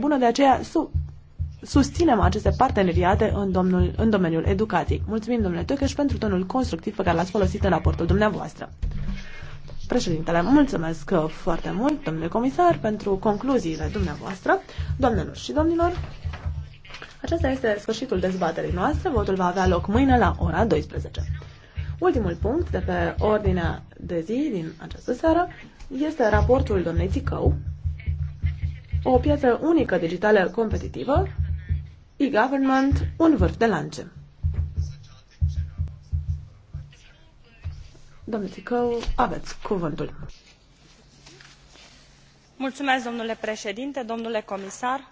bună, de aceea su susținem aceste parteneriate în, domnul, în domeniul educației. Mulțumim, domnule Tocăș, pentru tonul constructiv pe care l-ați folosit în raportul dumneavoastră. Președintele, mulțumesc uh, foarte mult, domnule comisar, pentru concluziile dumneavoastră. Doamnelor și domnilor, acesta este sfârșitul dezbaterii noastre. Votul va avea loc mâine la ora 12. Ultimul punct de pe ordinea de zi din această seară este raportul domnei Țicău, o piață unică digitală competitivă, e-government, un vârf de lance. Domnul Ticău, aveți cuvântul. Mulțumesc, domnule președinte, domnule comisar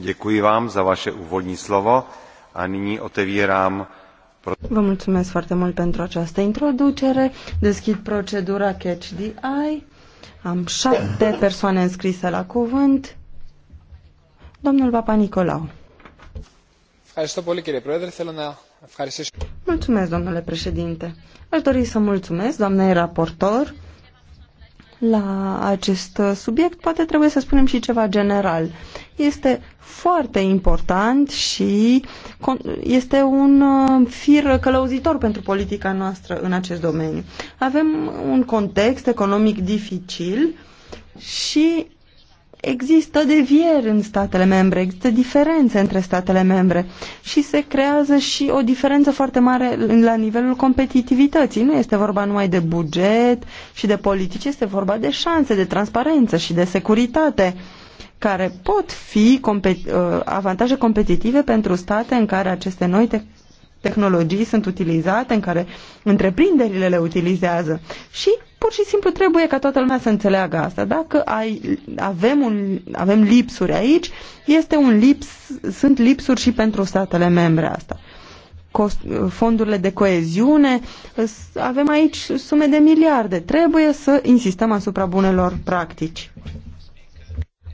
Děkuji vám za vaše úvodní slovo a nyní otevírám Vă mulțumesc foarte mult pentru această introducere. Deschid procedura Catch the Eye. Am șapte persoane înscrise la cuvânt. Domnul Papa Nicolau. Mulțumesc, domnule președinte. Aș dori să mulțumesc, doamnei raportor, la acest subiect. Poate trebuie să spunem și ceva general este foarte important și este un uh, fir călăuzitor pentru politica noastră în acest domeniu. Avem un context economic dificil și există devieri în statele membre, există diferențe între statele membre și se creează și o diferență foarte mare la nivelul competitivității. Nu este vorba numai de buget și de politici, este vorba de șanse, de transparență și de securitate care pot fi compet uh, avantaje competitive pentru state în care aceste noi te tehnologii sunt utilizate, în care întreprinderile le utilizează. Și pur și simplu trebuie ca toată lumea să înțeleagă asta. Dacă ai, avem, un, avem lipsuri aici, este un lips, sunt lipsuri și pentru statele membre asta. Cost, fondurile de coeziune, avem aici sume de miliarde. Trebuie să insistăm asupra bunelor practici.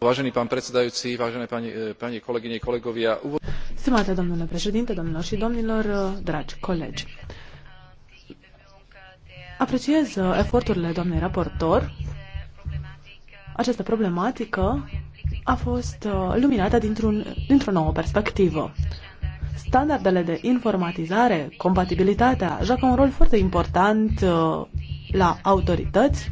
Vážený pán predsedajúci, vážené pani, eh, kolegyne, kolegovia. Stimate domnule președinte, domnilor și domnilor, eh, dragi colegi. Apreciez eh, eforturile doamnei raportor. Această problematică a fost luminată dintr-un, dintr-o nouă perspectivă. Standardele de informatizare, compatibilitatea, joacă un rol foarte important la autorități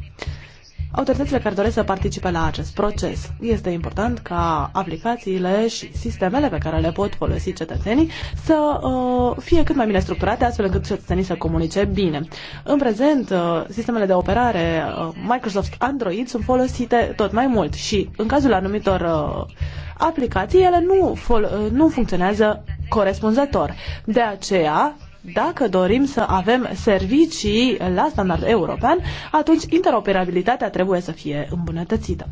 autoritățile care doresc să participe la acest proces. Este important ca aplicațiile și sistemele pe care le pot folosi cetățenii să uh, fie cât mai bine structurate, astfel încât cetățenii să comunice bine. În prezent, uh, sistemele de operare uh, Microsoft Android sunt folosite tot mai mult și în cazul anumitor uh, aplicații, ele nu, uh, nu funcționează corespunzător. De aceea, dacă dorim să avem servicii la standard european, atunci interoperabilitatea trebuie să fie îmbunătățită.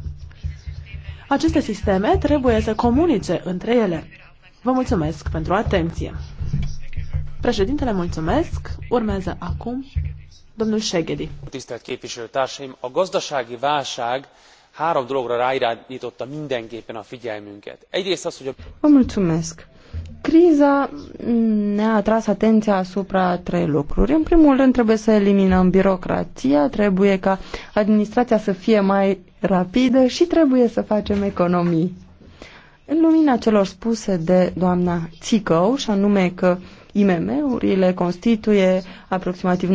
Aceste sisteme trebuie să comunice între ele. Vă mulțumesc pentru atenție. Președintele, mulțumesc. Urmează acum domnul Segedi. Tisztelt képviselőtársaim, a gazdasági válság három dologra ráirányította mindenképpen a figyelmünket. Egyrészt az, hogy a... Vă mulțumesc. Criza ne-a atras atenția asupra trei lucruri. În primul rând trebuie să eliminăm birocrația, trebuie ca administrația să fie mai rapidă și trebuie să facem economii. În lumina celor spuse de doamna Țicău, și anume că IMM-urile constituie aproximativ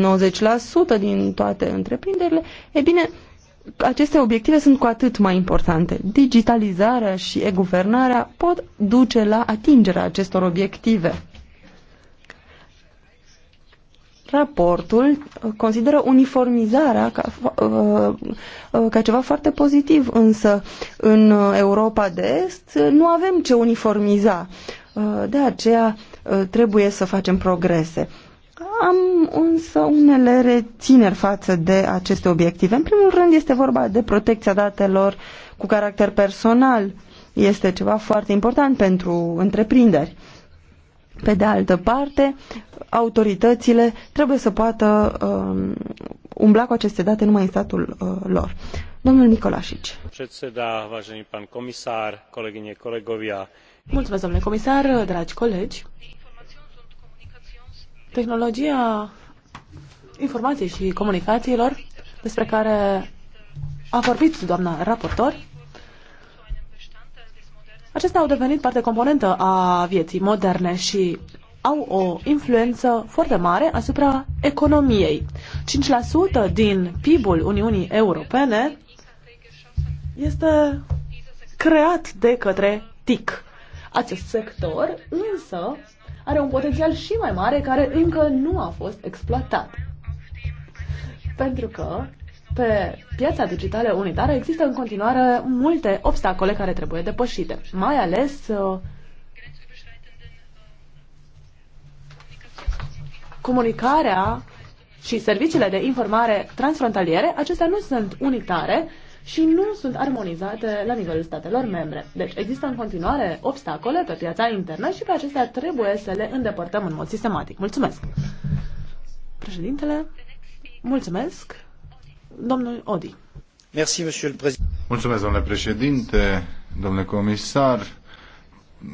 90% din toate întreprinderile, e bine, aceste obiective sunt cu atât mai importante. Digitalizarea și e-guvernarea pot duce la atingerea acestor obiective. Raportul consideră uniformizarea ca, ă, ă, ca ceva foarte pozitiv, însă în Europa de Est nu avem ce uniformiza. Ă, de aceea trebuie să facem progrese. Am însă unele rețineri față de aceste obiective. În primul rând este vorba de protecția datelor cu caracter personal. Este ceva foarte important pentru întreprinderi. Pe de altă parte, autoritățile trebuie să poată um, umbla cu aceste date numai în statul uh, lor. Domnul Nicolașici. Predseda, vážený pan comisar, kolegyne, kolegovia. Mulțumesc, domnule comisar, dragi colegi. Tehnologia informației și comunicațiilor, despre care a vorbit doamna raportor, acestea au devenit parte componentă a vieții moderne și au o influență foarte mare asupra economiei. 5% din PIB-ul Uniunii Europene este creat de către TIC. Acest sector însă are un potențial și mai mare care încă nu a fost exploatat. Pentru că pe piața digitală unitară există în continuare multe obstacole care trebuie depășite, mai ales uh, comunicarea și serviciile de informare transfrontaliere, acestea nu sunt unitare și nu sunt armonizate la nivelul statelor membre. Deci există în continuare obstacole pe piața internă și pe acestea trebuie să le îndepărtăm în mod sistematic. Mulțumesc! Președintele, mulțumesc! Domnul Odi. Mulțumesc, domnule președinte, domnule comisar.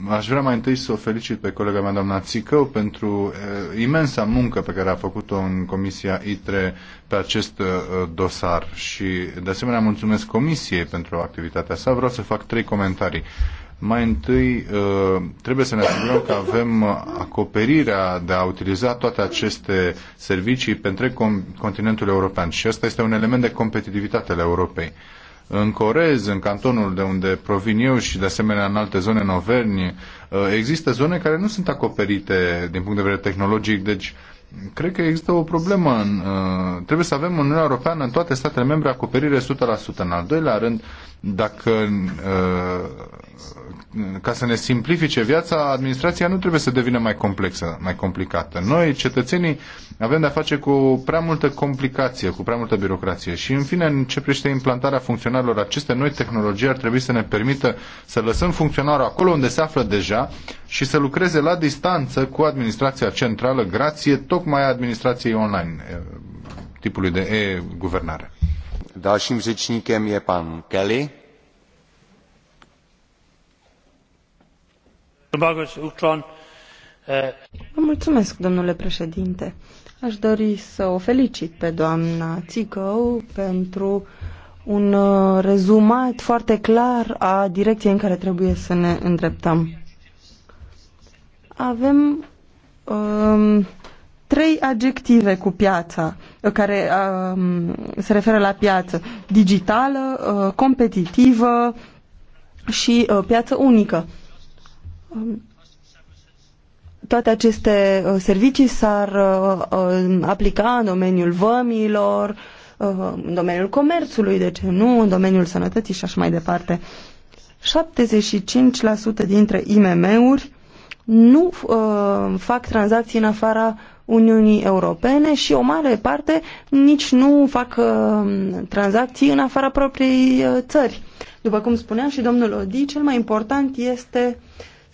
Aș vrea mai întâi să o felicit pe colega mea, doamna Țicău, pentru uh, imensa muncă pe care a făcut-o în Comisia ITRE pe acest uh, dosar și, de asemenea, mulțumesc Comisiei pentru activitatea sa. Vreau să fac trei comentarii. Mai întâi, uh, trebuie să ne asigurăm că avem acoperirea de a utiliza toate aceste servicii pentru continentul european și asta este un element de competitivitate al Europei. Uh, în Corez, în cantonul de unde provin eu și de asemenea în alte zone în Overni, uh, există zone care nu sunt acoperite din punct de vedere tehnologic, deci cred că există o problemă. În, uh, trebuie să avem în Uniunea Europeană, în toate statele membre, acoperire 100%. În al doilea rând, dacă uh, ca să ne simplifice viața, administrația nu trebuie să devină mai complexă, mai complicată. Noi, cetățenii, avem de-a face cu prea multă complicație, cu prea multă birocrație și, în fine, în ce privește implantarea funcționarilor, aceste noi tehnologii ar trebui să ne permită să lăsăm funcționarul acolo unde se află deja și să lucreze la distanță cu administrația centrală, grație tocmai administrației online, eh, tipului de e-guvernare. Dalším řečníkem je pan Kelly. Mulțumesc, domnule președinte. Aș dori să o felicit pe doamna Țicău pentru un rezumat foarte clar a direcției în care trebuie să ne îndreptăm. Avem um, trei adjective cu piața, uh, care um, se referă la piață. Digitală, uh, competitivă și uh, piață unică. Um, toate aceste uh, servicii s-ar uh, uh, aplica în domeniul vămilor, în domeniul comerțului, de ce nu, în domeniul sănătății și așa mai departe. 75% dintre IMM-uri nu fac tranzacții în afara Uniunii Europene și o mare parte nici nu fac tranzacții în afara propriei țări. După cum spunea și domnul Odi, cel mai important este uh,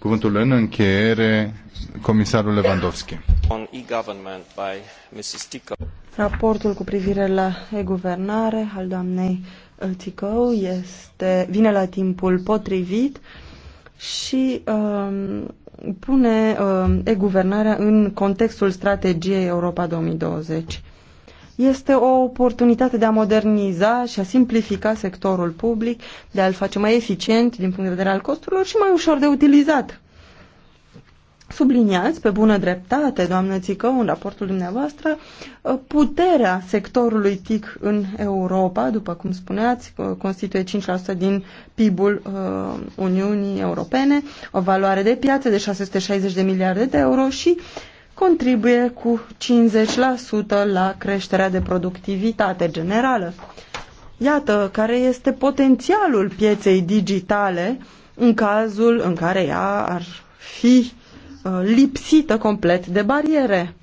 Cuvântul în încheiere, comisarul Lewandowski. Raportul cu privire la e-guvernare al doamnei uh, Ticău este, vine la timpul potrivit și um, pune um, e-guvernarea în contextul strategiei Europa 2020 este o oportunitate de a moderniza și a simplifica sectorul public, de a-l face mai eficient din punct de vedere al costurilor și mai ușor de utilizat. Subliniați pe bună dreptate, doamnă Țică, în raportul dumneavoastră, puterea sectorului TIC în Europa, după cum spuneați, constituie 5% din PIB-ul uh, Uniunii Europene, o valoare de piață de 660 de miliarde de euro și contribuie cu 50% la creșterea de productivitate generală. Iată care este potențialul pieței digitale în cazul în care ea ar fi uh, lipsită complet de bariere.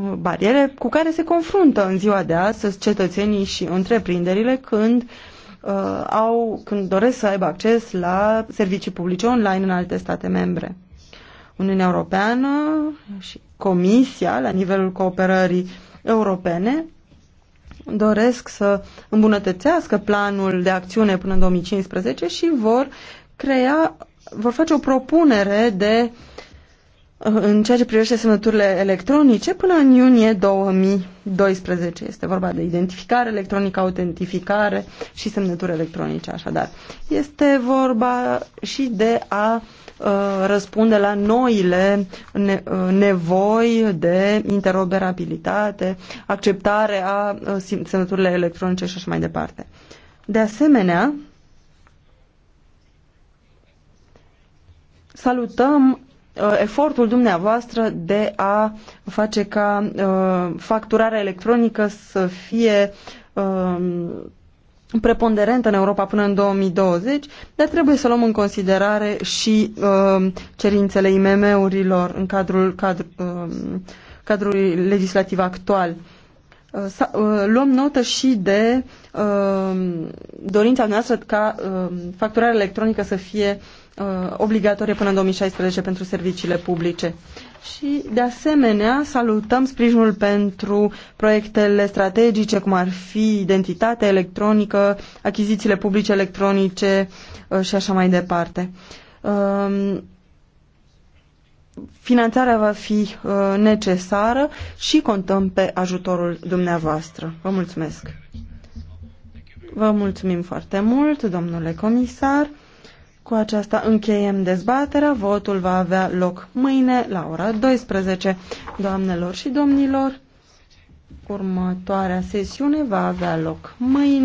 Uh, bariere cu care se confruntă în ziua de astăzi cetățenii și întreprinderile când, uh, au, când doresc să aibă acces la servicii publice online în alte state membre. Uniunea Europeană și Comisia, la nivelul cooperării europene, doresc să îmbunătățească planul de acțiune până în 2015 și vor crea, vor face o propunere de uh, în ceea ce privește semnăturile electronice până în iunie 2012. Este vorba de identificare electronică, autentificare și semnături electronice, așadar. Este vorba și de a uh, răspunde la noile ne uh, nevoi de interoperabilitate, acceptare a uh, semnăturile electronice și așa mai departe. De asemenea, salutăm Uh, efortul dumneavoastră de a face ca uh, facturarea electronică să fie uh, preponderentă în Europa până în 2020, dar trebuie să luăm în considerare și uh, cerințele IMM-urilor în cadrul, cadru, uh, cadrul legislativ actual. Uh, uh, luăm notă și de uh, dorința noastră ca uh, facturarea electronică să fie uh, Uh, obligatorie până în 2016 pentru serviciile publice. Și, de asemenea, salutăm sprijinul pentru proiectele strategice, cum ar fi identitatea electronică, achizițiile publice electronice uh, și așa mai departe. Um, finanțarea va fi uh, necesară și contăm pe ajutorul dumneavoastră. Vă mulțumesc! Vă mulțumim foarte mult, domnule comisar. Cu aceasta încheiem dezbaterea. Votul va avea loc mâine la ora 12. Doamnelor și domnilor, următoarea sesiune va avea loc mâine.